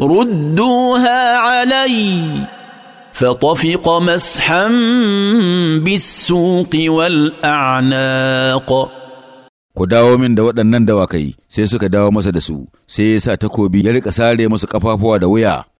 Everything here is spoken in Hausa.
ردوها علي فطفق مسحا بالسوق والأعناق ku dawo min da waɗannan dawakai sai suka dawo masa da su sai ya sa takobi ya riƙa sare masu ƙafafuwa da wuya